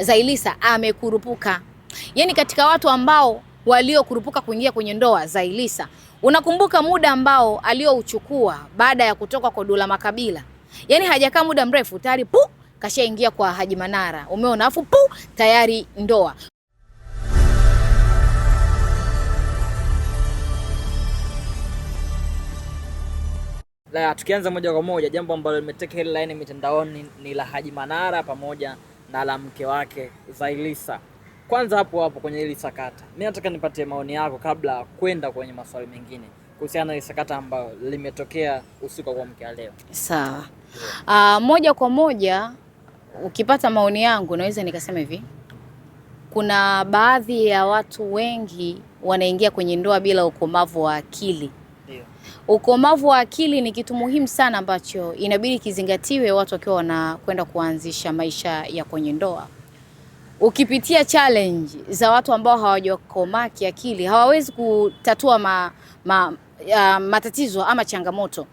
Zailisa amekurupuka. Yaani katika watu ambao waliokurupuka kuingia kwenye ndoa Zailisa, unakumbuka muda ambao aliouchukua baada ya kutoka kwa Dula Makabila, yaani hajakaa muda mrefu tayari pu kashaingia kwa Haji Manara, umeona? Afu pu tayari ndoa. La, tukianza moja kwa moja, jambo ambalo limeteka headline mitandaoni ni la Haji Manara pamoja na la mke wake Zailisa. Kwanza hapo hapo kwenye hili sakata, mi nataka nipatie maoni yako kabla ya kwenda kwenye maswali mengine kuhusiana na hili sakata ambayo limetokea usiku wa kuamkia leo. Sawa. Yeah. Uh, moja kwa moja ukipata maoni yangu naweza nikasema hivi, kuna baadhi ya watu wengi wanaingia kwenye ndoa bila ukomavu wa akili Ukomavu wa akili ni kitu muhimu sana ambacho inabidi kizingatiwe watu wakiwa wanakwenda kuanzisha maisha ya kwenye ndoa. Ukipitia challenge za watu ambao hawajakomaa kiakili, hawawezi kutatua ma, ma, uh, matatizo ama changamoto.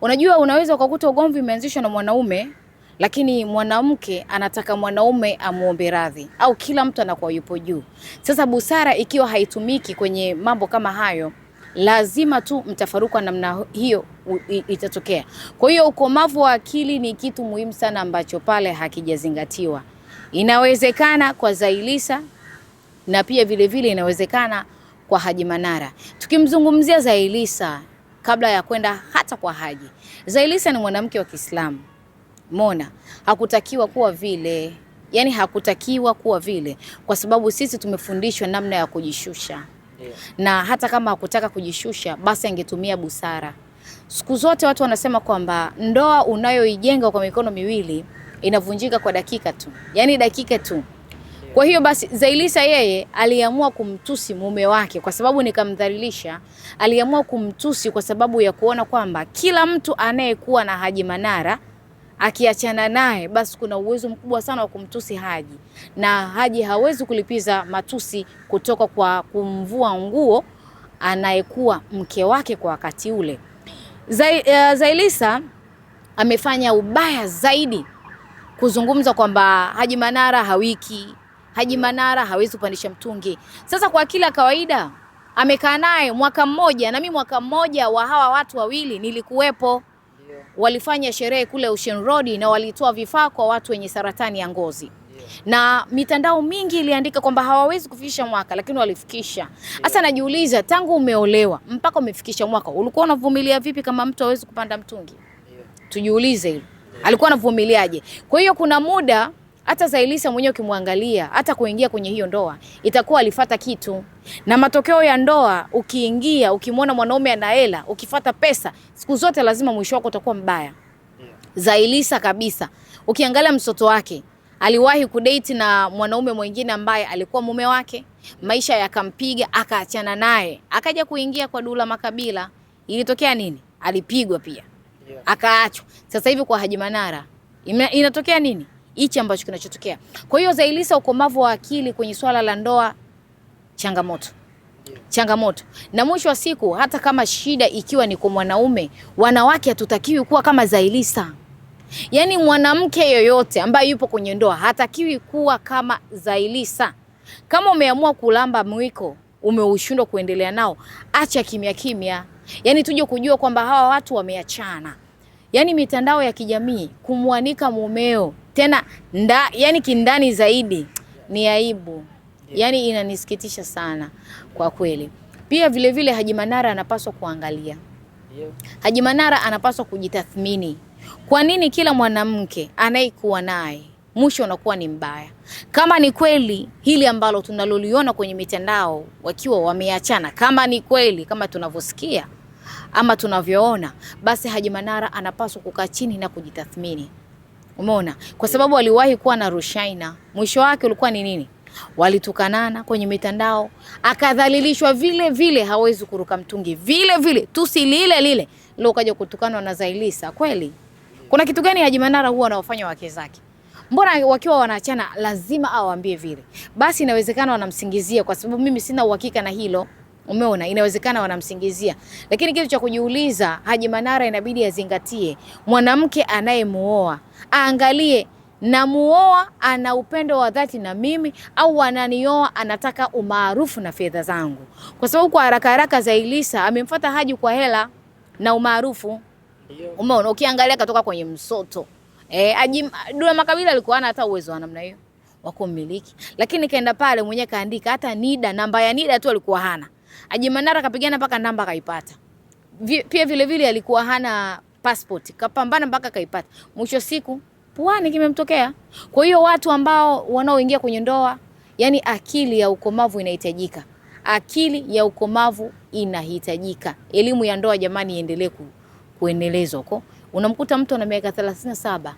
Unajua, unaweza ukakuta ugomvi umeanzishwa na mwanaume lakini mwanamke anataka mwanaume amuombe radhi, au kila mtu anakuwa yupo juu. Sasa busara ikiwa haitumiki kwenye mambo kama hayo, lazima tu mtafaruku wa namna hiyo itatokea. Kwa hiyo ukomavu wa akili ni kitu muhimu sana ambacho pale hakijazingatiwa. Inawezekana kwa Zailisa na pia vile vile inawezekana kwa Haji Manara. Tukimzungumzia Zailisa kabla ya kwenda hata kwa Haji, Zailisa ni mwanamke wa Kiislamu. Mona hakutakiwa kuwa vile, yani hakutakiwa kuwa vile, kwa sababu sisi tumefundishwa namna ya kujishusha. Na hata kama hakutaka kujishusha basi angetumia busara. Siku zote watu wanasema kwamba ndoa unayoijenga kwa mikono miwili inavunjika kwa dakika tu, yaani dakika tu. Kwa hiyo basi Zailisa yeye aliamua kumtusi mume wake kwa sababu nikamdhalilisha. Aliamua kumtusi kwa sababu ya kuona kwamba kila mtu anayekuwa na Haji Manara akiachana naye, basi kuna uwezo mkubwa sana wa kumtusi Haji, na Haji hawezi kulipiza matusi kutoka kwa kumvua nguo anayekuwa mke wake kwa wakati ule. Zai, uh, Zailisa amefanya ubaya zaidi kuzungumza kwamba Haji Manara hawiki, Haji Manara hawezi kupandisha mtungi. Sasa kwa kila kawaida amekaa naye mwaka mmoja, na mimi mwaka mmoja wa hawa watu wawili nilikuwepo walifanya sherehe kule Ocean Road na walitoa vifaa kwa watu wenye saratani ya ngozi na mitandao mingi iliandika kwamba hawawezi kufikisha mwaka lakini walifikisha. Sasa yeah. Najiuliza, tangu umeolewa mpaka umefikisha mwaka ulikuwa unavumilia vipi kama mtu hawezi kupanda mtungi? yeah. Tujiulize hilo yeah. Alikuwa anavumiliaje? Kwa hiyo kuna muda hata Zailisa mwenyewe ukimwangalia, hata kuingia kwenye hiyo ndoa itakuwa alifata kitu, na matokeo ya ndoa, ukiingia ukimwona mwanaume ana hela, ukifata pesa, siku zote lazima mwisho wako utakuwa mbaya. Zailisa kabisa, ukiangalia mtoto wake aliwahi kudate na mwanaume mwingine ambaye alikuwa mume wake, maisha yakampiga, akaachana naye, akaja kuingia kwa Dula Makabila. Ilitokea nini? Alipigwa pia, akaachwa. Sasa hivi kwa Haji Manara inatokea nini? hichi ambacho kinachotokea. Kwa hiyo Zailisa, ukomavu wa akili kwenye swala la ndoa changamoto changamoto na mwisho wa siku, hata kama shida ikiwa ni kwa mwanaume, wanawake hatutakiwi kuwa kama Zailisa. Yaani mwanamke yoyote ambaye yupo kwenye ndoa hatakiwi kuwa kama Zailisa. Kama umeamua kulamba mwiko, umeushindwa kuendelea nao, acha kimya kimya, yaani tuje kujua kwamba hawa watu wameachana. Yaani mitandao ya kijamii kumwanika mumeo tena nda, yani kindani zaidi ni aibu, yani inanisikitisha sana kwa kweli. Pia vilevile vile Haji Manara anapaswa kuangalia, Haji Manara anapaswa kujitathmini. Kwa nini kila mwanamke anayekuwa naye mwisho unakuwa ni mbaya? Kama ni kweli hili ambalo tunaloliona kwenye mitandao wakiwa wameachana, kama ni kweli kama tunavyosikia ama tunavyoona, basi Haji Manara anapaswa kukaa chini na kujitathmini. Umeona, kwa sababu aliwahi kuwa na Rushaina, mwisho wake ulikuwa ni nini? Walitukanana kwenye mitandao, akadhalilishwa vile vile, hawezi kuruka mtungi vile vile, tusi lile lile lilo, ukaja kutukanwa na Zailisa. Kweli kuna kitu gani Haji Manara huwa anawafanya wake zake? Mbona wakiwa wanaachana lazima awaambie vile? Basi inawezekana wanamsingizia, kwa sababu mimi sina uhakika na hilo. Umeona, inawezekana wanamsingizia, lakini kitu cha kujiuliza, Haji Manara inabidi azingatie, mwanamke anayemuoa aangalie, namuoa ana upendo wa dhati na mimi au ananioa anataka umaarufu na fedha zangu? Kwa sababu kwa haraka haraka za Zailisa amemfuata Haji kwa hela na umaarufu. Umeona, ukiangalia katoka kwenye msoto eh, Haji Dula Makabila alikuwa ana hata uwezo wa namna hiyo wa kumiliki, lakini kaenda pale mwenyewe kaandika, hata Nida namba ya Nida tu alikuwa hana Haji Manara kapigana mpaka namba kaipata. Pia vile vile alikuwa hana passport, kapambana mpaka kaipata. Mwisho siku puani kimemtokea. Kwa hiyo watu ambao wanaoingia kwenye ndoa, yani akili ya ukomavu inahitajika. Akili ya ukomavu inahitajika. Elimu ya ndoa jamani, iendelee ku, kuendelezwa huko. Unamkuta mtu ana miaka 37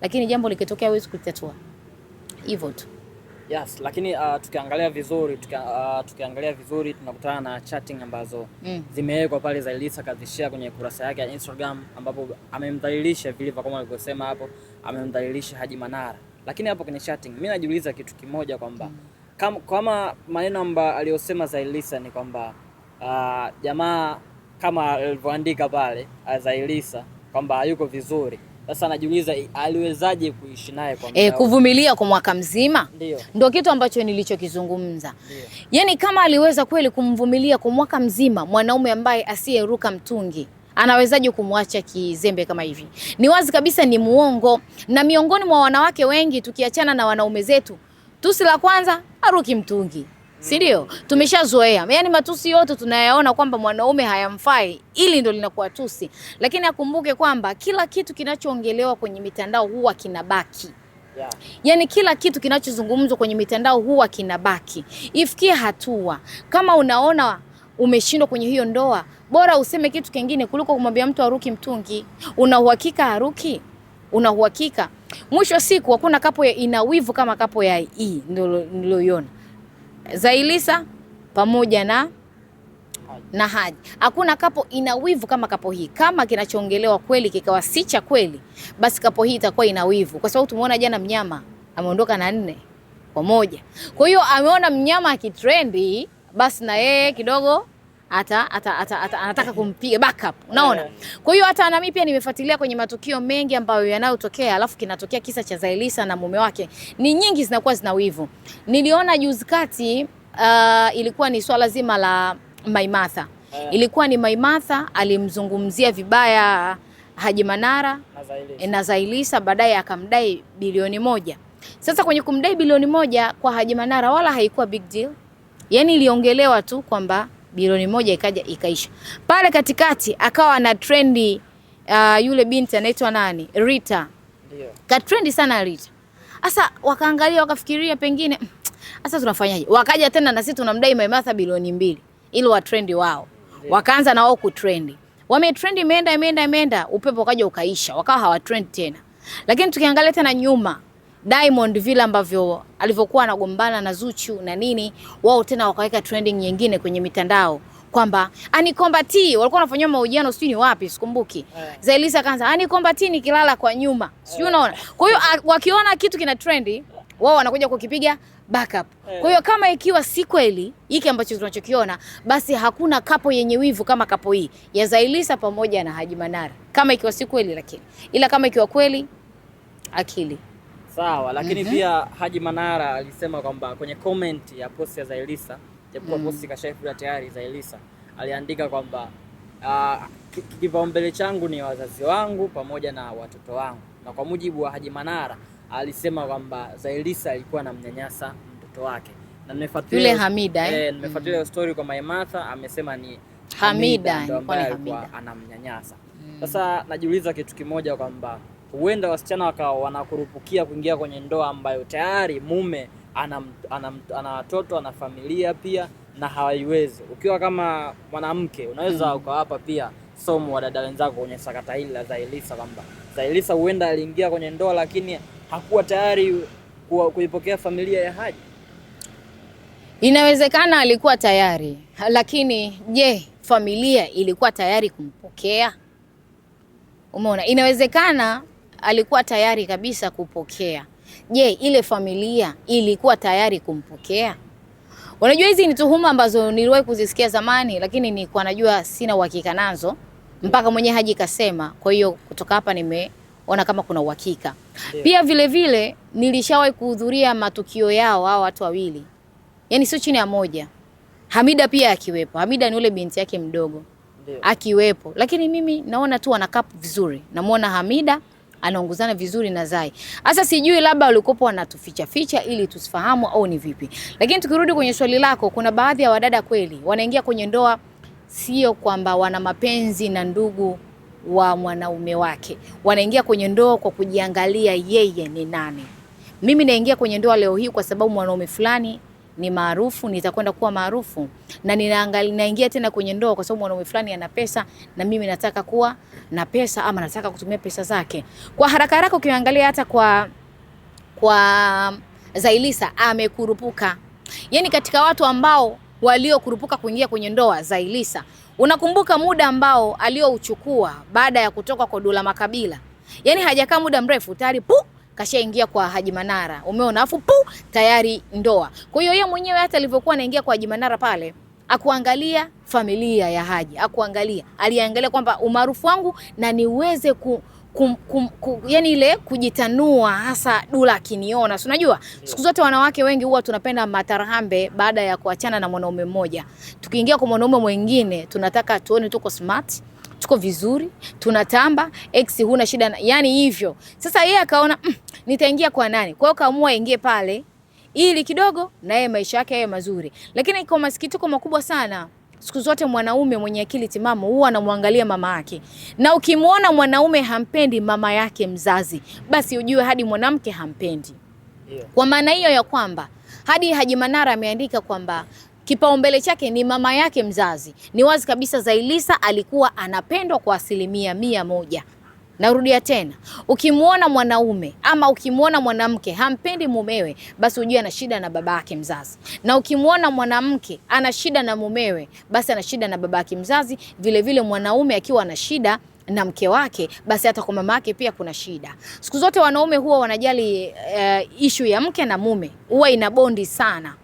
lakini jambo likitokea hawezi kutatua Hivyo tu. Yes, lakini uh, tukiangalia vizuri tuki, uh, tukiangalia vizuri tunakutana na chatting ambazo mm. zimewekwa pale za Zaiylissa kazishia kwenye kurasa yake ya Instagram ambapo amemdhalilisha vilivyo kama alivyosema hapo, amemdhalilisha Haji Manara. Lakini hapo kwenye chatting mimi najiuliza kitu kimoja kwamba mm. kama maneno ambayo aliyosema Zaiylissa ni kwamba uh, jamaa kama alivyoandika pale uh, Zaiylissa kwamba hayuko vizuri sasa najiuliza aliwezaje kuishi naye kwa e, kuvumilia kwa mwaka mzima, ndio kitu ambacho nilichokizungumza. Yaani kama aliweza kweli kumvumilia kwa mwaka mzima mwanaume ambaye asiyeruka mtungi anawezaje kumwacha kizembe kama hivi? Ni wazi kabisa ni muongo, na miongoni mwa wanawake wengi tukiachana na wanaume zetu, tusi la kwanza aruki mtungi si ndio? Tumeshazoea yaani matusi yote tunayaona kwamba mwanaume hayamfai, ili ndo linakuwa tusi, lakini akumbuke kwamba kila kitu kinachoongelewa kwenye mitandao huwa kinabaki Yeah. Yaani kila kitu kinachozungumzwa kwenye mitandao huwa kinabaki. Ifikie hatua kama unaona umeshindwa kwenye hiyo ndoa, bora useme kitu kingine kuliko kumwambia mtu aruki mtungi. Una uhakika aruki? Una uhakika? Mwisho wa siku hakuna kapo ya ina wivu kama kapo ya i, ndio niloiona. Zailisa pamoja na na Haji. Hakuna kapo ina wivu kama kapo hii. Kama kinachoongelewa kweli kikawa si cha kweli, basi kapo hii itakuwa ina wivu, kwa sababu tumeona jana mnyama ameondoka na nne kwa moja. Kwa hiyo ameona mnyama akitrendi, basi na yeye kidogo ata, ata, ata, ata, anataka kumpiga backup, unaona yeah. Kwa hiyo hata nami pia nimefuatilia kwenye matukio mengi ambayo yanayotokea, alafu kinatokea kisa cha Zailisa na mume wake, ni nyingi zinakuwa zina wivu. Niliona juzi kati uh, ilikuwa ni swala zima la Maimatha yeah. Ilikuwa ni Maimatha alimzungumzia vibaya Haji Manara na Zailisa, baadaye akamdai bilioni moja. Sasa kwenye kumdai bilioni moja kwa Haji Manara wala haikuwa big deal, yani iliongelewa tu kwamba bilioni moja ikaja ikaisha. Pale katikati akawa na trendi uh, yule binti anaitwa nani? Rita. Ndio. Ka trendi sana Rita. Sasa wakaangalia wakafikiria pengine sasa hmm, tunafanyaje? Wakaja tena na sisi tunamdai Maimartha bilioni mbili ili wa trendi wao. Wakaanza na wao kutrendi. Wame trendi imeenda imeenda imeenda, upepo ukaja ukaisha, wakawa hawa tena. Lakini tukiangalia tena nyuma Diamond vile ambavyo alivyokuwa anagombana na Zuchu na nini, wao tena wakaweka trending nyingine kwenye mitandao kwamba anikombatii, walikuwa wanafanyia mahojiano sijui ni wapi sikumbuki. Yeah. Zailisa kanza anikombatii nikilala kwa nyuma. Sijui eh. unaona. Kwa hiyo wakiona kitu kina trendi, wao wanakuja kukipiga backup. Eh. Kwa hiyo kama ikiwa si kweli hiki ambacho tunachokiona, basi hakuna kapo yenye wivu kama kapo hii ya Zailisa pamoja na Haji Manara. Kama ikiwa si kweli lakini. Ila kama ikiwa kweli akili sawa, lakini mm -hmm. pia Haji Manara alisema kwamba kwenye comment ya posti ya Zailisa, japokuwa mm. posti kashaifua mhm. tayari, Zailisa aliandika kwamba uh, kipaumbele changu ni wazazi wangu pamoja na watoto wangu, na kwa mujibu wa Haji Manara alisema kwamba Zailisa alikuwa anamnyanyasa mtoto wake, na nimefuatilia yule Hamida eh, eh nimefuatilia mm -hmm. story kwa Maimartha amesema ni Hamida, Hamida, Hamida. alikuwa anamnyanyasa mm. sasa mm. najiuliza kitu kimoja kwamba huenda wasichana wakawa wanakurupukia kuingia kwenye ndoa ambayo tayari mume ana watoto ana familia pia na hawaiwezi. Ukiwa kama mwanamke unaweza mm. ukawapa pia somo wa dada wenzako kwenye sakata hili la Zailisa, kwamba Zailisa huenda aliingia kwenye ndoa lakini hakuwa tayari kuipokea familia ya Haji. Inawezekana alikuwa tayari, lakini je, familia ilikuwa tayari kumpokea? Umeona, inawezekana alikuwa tayari kabisa kupokea. Je, ile familia ilikuwa tayari kumpokea? Unajua, hizi ni tuhuma ambazo niliwahi kuzisikia zamani, lakini nilikuwa najua sina uhakika nazo mpaka mwenye Haji kasema. Kwa hiyo kutoka hapa nimeona kama kuna uhakika yeah. Pia vilevile nilishawahi kuhudhuria matukio yao hao watu wawili, yaani sio chini ya moja, Hamida pia akiwepo. Hamida ni ule binti yake mdogo Akiwepo, lakini mimi naona tu wanakaa vizuri, namwona Hamida anaongozana vizuri na Zai. Sasa sijui labda walikopo wanatuficha ficha ili tusifahamu au ni vipi. Lakini tukirudi kwenye swali lako, kuna baadhi ya wadada kweli wanaingia kwenye ndoa sio kwamba wana mapenzi na ndugu wa mwanaume wake, wanaingia kwenye ndoa kwa kujiangalia yeye ni nani. Mimi naingia kwenye ndoa leo hii kwa sababu mwanaume fulani ni maarufu, nitakwenda kuwa maarufu na ninaingia tena kwenye ndoa kwa sababu mwanaume fulani ana pesa na mimi nataka kuwa na pesa ama nataka kutumia pesa zake. Kwa haraka haraka ukiangalia hata kwa kwa Zailisa amekurupuka. Yaani katika watu ambao waliokurupuka kuingia kwenye ndoa Zailisa. Unakumbuka muda ambao aliouchukua baada ya kutoka kwa Dula Makabila. Yaani hajakaa muda mrefu tayari puu kashaingia kwa Haji Manara, umeona, afu pu tayari ndoa. Kwa hiyo yeye mwenyewe hata alivyokuwa anaingia kwa Haji Manara pale akuangalia familia ya Haji, akuangalia aliangalia kwamba umaarufu wangu na niweze ku Kum, kum, kum, yani ile kujitanua hasa Dula akiniona. Si unajua siku zote wanawake wengi huwa tunapenda matarahambe baada ya kuachana na mwanaume mmoja, tukiingia kwa mwanaume mwingine tunataka tuone tuko smart, tuko vizuri, tunatamba, ex huna shida, yani hivyo. Sasa yeye akaona mm, nitaingia kwa nani? Kwa hiyo kaamua aingie pale ili kidogo na yeye maisha yake yawe mazuri, lakini kwa masikitiko makubwa sana siku zote mwanaume mwenye akili timamu huwa anamwangalia mama yake, na ukimwona mwanaume hampendi mama yake mzazi, basi ujue hadi mwanamke hampendi Kwa maana hiyo ya kwamba hadi Haji Manara ameandika kwamba kipaumbele chake ni mama yake mzazi. Ni wazi kabisa Zailisa alikuwa anapendwa kwa asilimia mia moja. Narudia tena, ukimwona mwanaume ama ukimwona mwanamke hampendi mumewe, basi ujue ana shida na babake mzazi. Na ukimwona mwanamke ana shida na mumewe, basi ana shida na babake mzazi vilevile. Vile mwanaume akiwa ana shida na mke wake, basi hata kwa mama yake pia kuna shida. Siku zote wanaume huwa wanajali uh, eh, ishu ya mke na mume, huwa ina bondi sana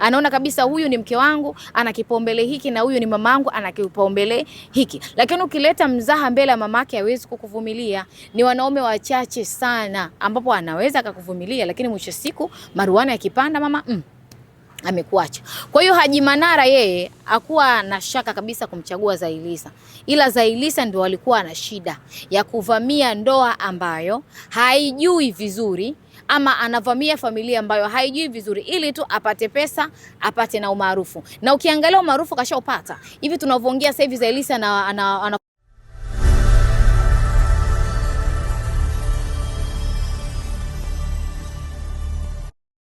anaona kabisa huyu ni mke wangu ana kipaumbele hiki na huyu ni mamangu ana kipaumbele hiki. Lakini ukileta mzaha mbele ya mamake hawezi kukuvumilia. Ni wanaume wachache sana ambapo anaweza akakuvumilia, lakini mwisho siku maruana yakipanda mama mm, amekuacha. Kwa hiyo Haji Manara yeye akuwa na shaka kabisa kumchagua Zailisa, ila Zailisa ndio alikuwa na shida ya kuvamia ndoa ambayo haijui vizuri ama anavamia familia ambayo haijui vizuri, ili tu apate pesa, apate na umaarufu. Na ukiangalia umaarufu kashaupata hivi tunavyoongea sasa hivi, Zailisa na, ana, ana